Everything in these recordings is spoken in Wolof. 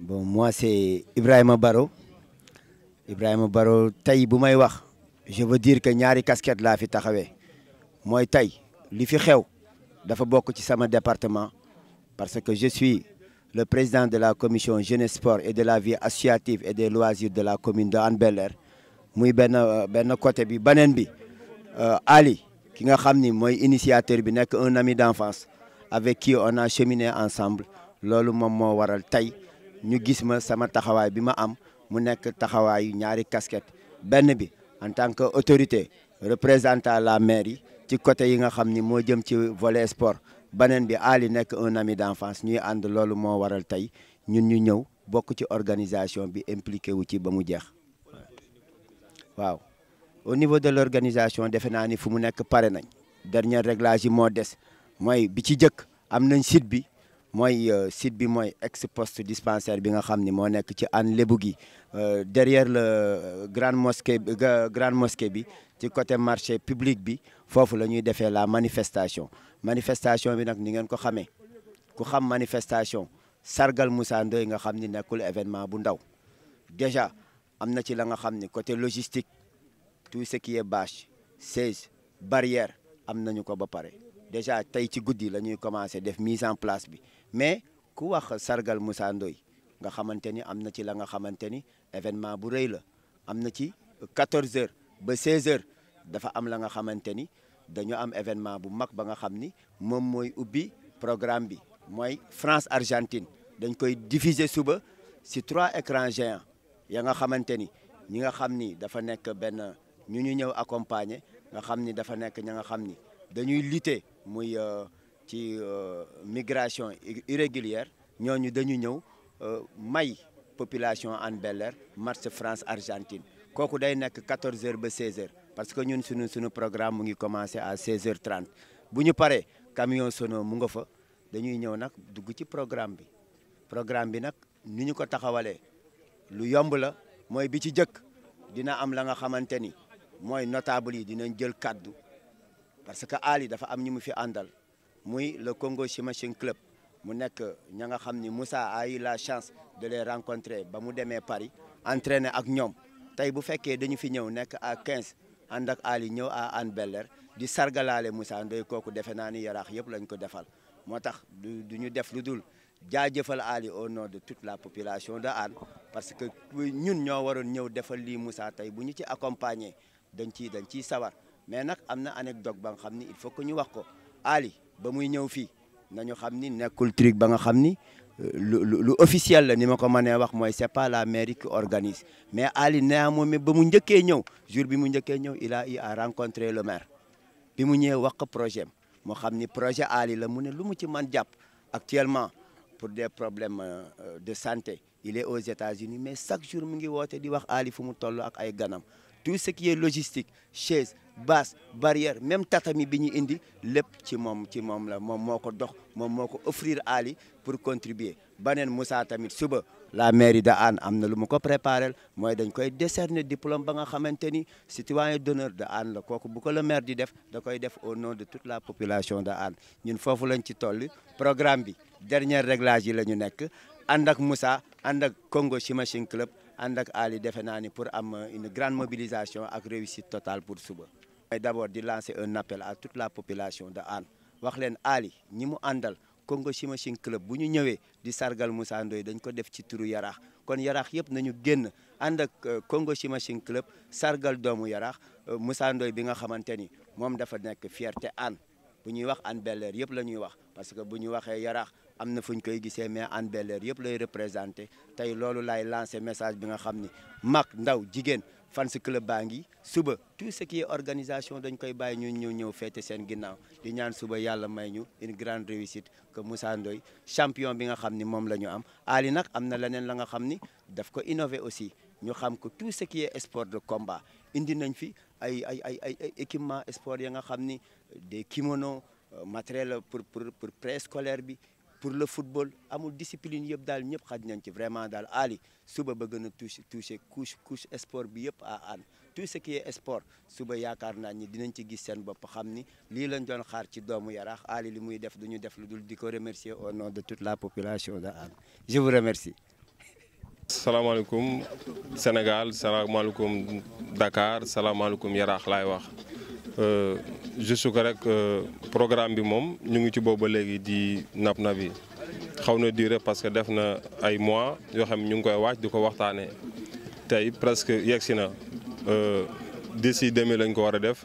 Bon, moi, c'est Ibrahim Baro. Ibrahim Baro, Taï Boumaïwak. Je veux dire que Nyari Casquette là, fait Tahawé. Moi, Taï, l'Ifichéo, d'Afaboko mon département, parce que je suis le président de la commission jeunesse sport et de la vie associative et des loisirs de la commune de Anne-Belair. muy ben, benn côté bi beneen bi euh, Ali ki nga xamni moi initiateur bi un ami d'enfance avec qui on a cheminé ensemble loolu moom moo waral taille. ñu gis ma sama taxawaay bi ma am mu nekk taxawaayu ñaari casquette benn bi en tant que autorité représentant la mairie ci côté yi nga xam ni moo jëm ci volet sport beneen bi Ali nekk un ami d'enfance ñuy ànd loolu moo waral tey ñun ñu ñëw bokk ci organisation bi impliqué wu ci ba mu jeex waaw au niveau de l'organisation defe naa ni fu mu nekk pare nañ dernier réglage yi moo des mooy bi ci jëkk am nañ site bi Moi, euh, site bi mooy ex poste dispensaire bi nga xamni mo nek ci an lébu euh, derrière le euh, grande mosquée grande mosquée bi ci côté marché public bi fofu la ñuy defee la manifestation manifestation bi nak ni ngeen ko xamé ku xam manifestation sargal Moussa Ndoye nga xamni ni événement bu ndaw déjà amna ci la nga xamni côté logistique tout ce qui est bâche siège barrière am nañu ko ba paré déjà tay ci goudi la ñuy commencer def mise en place bi mais ku wax sargal Moussa ndoy nga xamanteni amna ci la nga xamanteni événement bu reuy la amna ci 14h ba 16h dafa am la nga xamanteni dañu am événement bu mag ba nga xamni mom moy ubi programme bi moy France Argentine dañ koy diffuser suba ci trois écrans géants ya nga xamanteni ñi nga xamni dafa nek ben ñu ñu ñëw accompagner nga xamni dafa nek nga xamni dañuy lutter muy euh, ci euh, migration irrégulière ñooñu dañu ñëw euh, may population Hann Bel-Air France Argentine kooku day nekk 14 heures ba 16 heures parce que ñun suñu suñu programme mu ngi commencé à 16 heures 30 bu ñu paree camion sono mu nga fa dañuy ñëw nag dugg ci programme bi programme bi nag nu ñu ko taxawalee lu yomb la mooy bi ci jëkk dina am la nga xamante ni mooy notable yi dinañ jël kaddu parce que Ali dafa am ñu fi andal muy le Congo Chimachine Club mu nek ña nga Moussa a eu la chance de les rencontrer ba mu démé Paris entraîner ak ñom tay bu féké dañu fi ñëw nek à 15 Andak ak Ali ñëw à Anne Beller di sargalalé Moussa ndey koku défé naa ni yaraax yëpp lañ ko défal motax duñu def lu dul Ali au nom de toute la population de Anne parce que ñun ñoo waron ñëw defal li Moussa tay bu ñu ci accompagner dañ ci dañ ci sawar mais nak amna anecdote ba nga il faut que ñu wax ko Ali ba muy ñëw fi nañu xamni nekul trick ba nga xamni euh, lu officiel la ni ma ko mënee wax moy c'est pas la mairie qui organise mais Ali naa moom ba mu njëkkee ñëw jour bi mu njëkkee ñëw il a eu à rencontrer le maire bi mu ñëwee wax projet Mo xamni projet Ali la mu né lu mu ci man japp actuellement pour des problèmes euh, de santé il est aux États-Unis mais chaque jour mu ngi woote di wax Ali fu mu tollu ak ay ganam tout ce qui est logistique chaise base barrière même tatami bini indi lep ci mom ci mom la mom moko dox mom moko offrir Ali pour contribuer Banen Moussa tamit suba la mairie de Anne amna lu mu ko préparel dañ koy décerner diplôme ba nga xamanteni citoyen d'honneur de Anne la koku bu ko le maire di def da koy def au nom de toute la population de Anne. ñun fofu lañ ci tollu programme bi dernier réglage yi lañu ñu nekk ànd ak Moussa ak Congo machine Club andak ak Ali defe na ni pour am une grande mobilisation ak réussite totale pour suba mooy d'abord di lancer un appel à toute la population de Anne wax Ali ñi mu àndal Congo Smashin Club bu ñu ñëwee di sargal Moussa Ndoye dañ ko def ci turu yaraax kon yaraax yëpp nañu génn ànd ak euh, Congo Smashin Club sargal doomu yaraax euh, Moussa Ndoye bi nga xamante ni dafa nekk fierté Anne bu ñuy wax Hann Bel-Air yëpp la wax parce que bu ñu waxee yaraax amna fuñ koy gisé mais Hann bel yëpp lay représenter tay loolu lay lancer message bi nga xamni mak ndaw jigen fans club baa suba tout ce qui est organisation dañ koy bàyyi ñun ñeu ñeu fété sen ginnaw di ñaan suba yalla may ñu une grande réussite que Moussa Ndoy champion bi nga xamni mom lañu am Ali nak amna na leneen la nga xamni daf ko innover aussi ñu xam ko tout ce qui est sport de combat indi nañ fi ay ay ay ay équipement sport ya nga xamni des kimono euh, matériel pour pour pour préscolaire bi pour le football amul discipline yëpp dal ñep xaj nañ ci vraiment dal Ali suba ba na toucher touché couche couche sport bi yëpp à ànd tout ce qui est sport suba yaakaar naa ni dinañ ci gis sen bopp xamni li lañ doon xaar ci doomu yarax Ali li muy def duñu def lu dul di remercier au nom de toute la population de Hann je vous remercie. Salam alaykum Sénégal Salam alaykum Dakar alaykum yarax lay wax. Euh, je que rek euh, programme bi moom ñu ngi ci boobu ba di nap na bi xaw na parce que def na ay mois yo xam ñu ngi koy waaj di ko waxtaanee presque yexina euh d'ici demi lañ ko wara def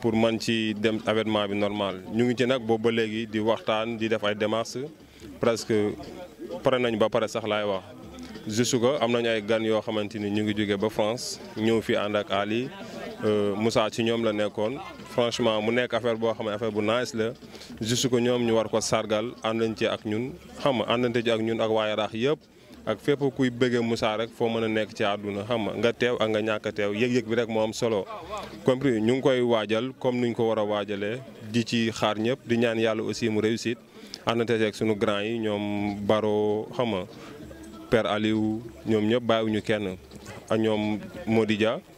pour man ci dem événement bi normal ñu ngi ci nak boobu ba léegi di waxtaan di def ay démarches presque paré nañ ba paré sax laay wax. juste que am nañ ay gan yo xamanteni ñu ngi joggé ba France ñëw fi ànd ak Ali Euh, Moussa ci ñoom la nekkoon franchement mu nekk affaire boo xam ne affaire bu nice la juste ko ñoom ñu war ko sargal àndante ci ak ñun xam nga àndante ci ak ñun ak waa Yaraax yëpp ak fépp kuy bëggee Moussa rek foo mën a nekk ci àdduna xam nga teew ak nga ñàkk teew yëg-yëg bi rek moo am solo compris ñu ngi koy waajal comme nuñ ko war a waajalee di ci xaar ñëpp di ñaan yàlla aussi mu réussite àndante ci ak sunu grand yi ñoom Baro xam nga Père Aliou ñoom ñëpp bàyyiwuñu kenn ak ñoom Modidia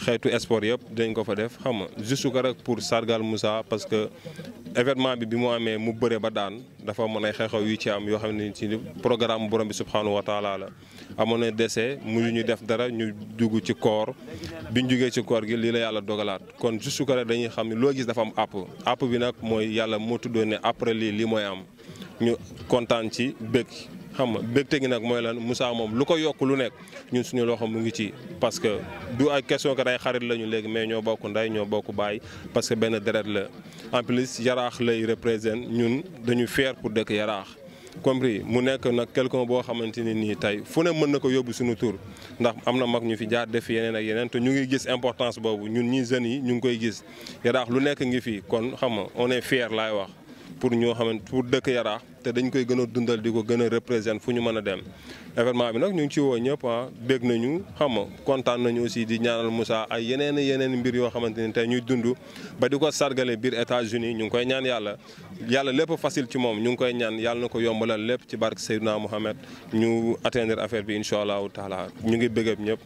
xeetu esport yëpp dañ ko fa def xam nga juste ko rek pour sargal Moussa parce que événement bi bi mu amee mu bëre ba daan dafa mën ay xew-xew yu ci am yoo xam ne ci programme borom bi subhanahu wa taala la amoon na dese muyu ñu def dara ñu dugg ci koor biñ jugee ci koor gi lii la yàlla dogalaat kon juste ko rek dañuy xam ne loo gis dafa am àpp app bi nag mooy yàlla moo tuddoo ne après lii lii mooy am ñu kontaan ci bëgg xam nga bégte gi nag mooy lan Moussa moom lu ko yokk lu nekk ñun suñu loxo mu ngi ci parce que du ay question que day xarit la ñu léegi mais ñoo bokk ndey ñoo bokk baay parce que benn deret la en plus yaraax lay représente ñun dañu fier pour dëkk yaraax compris mu nekk nag quelqu'un boo xamante ni nii tey fu ne mën na ko yóbbu suñu tur ndax am na mag ñu fi jaar def yeneen ak yeneen te ñu ngi gis importance boobu ñun ñi jeunes yi ñu ngi koy gis yaraax lu nekk ngi fi kon xam nga on est laay wax pour ñoo xamante pour dëkk yaraax te dañ koy gën a dundal di ko gën a représenter fu ñu mën a dem événement bi nag ñu ngi ci woo ñëpp ah bég nañu xam nga kontaan nañu aussi di ñaanal Moussa ay yeneen yeneen mbir yoo xamante ni tey ñuy dund ba di ko sargale biir États-Unis ñu ngi koy ñaan yàlla yàlla lépp facile ci moom ñu ngi koy ñaan yàlla na ko yombalal lépp ci barke Seydina Mohamed ñu atteindre affaire bi incha allahu taala ñu ngi bégab ñëpp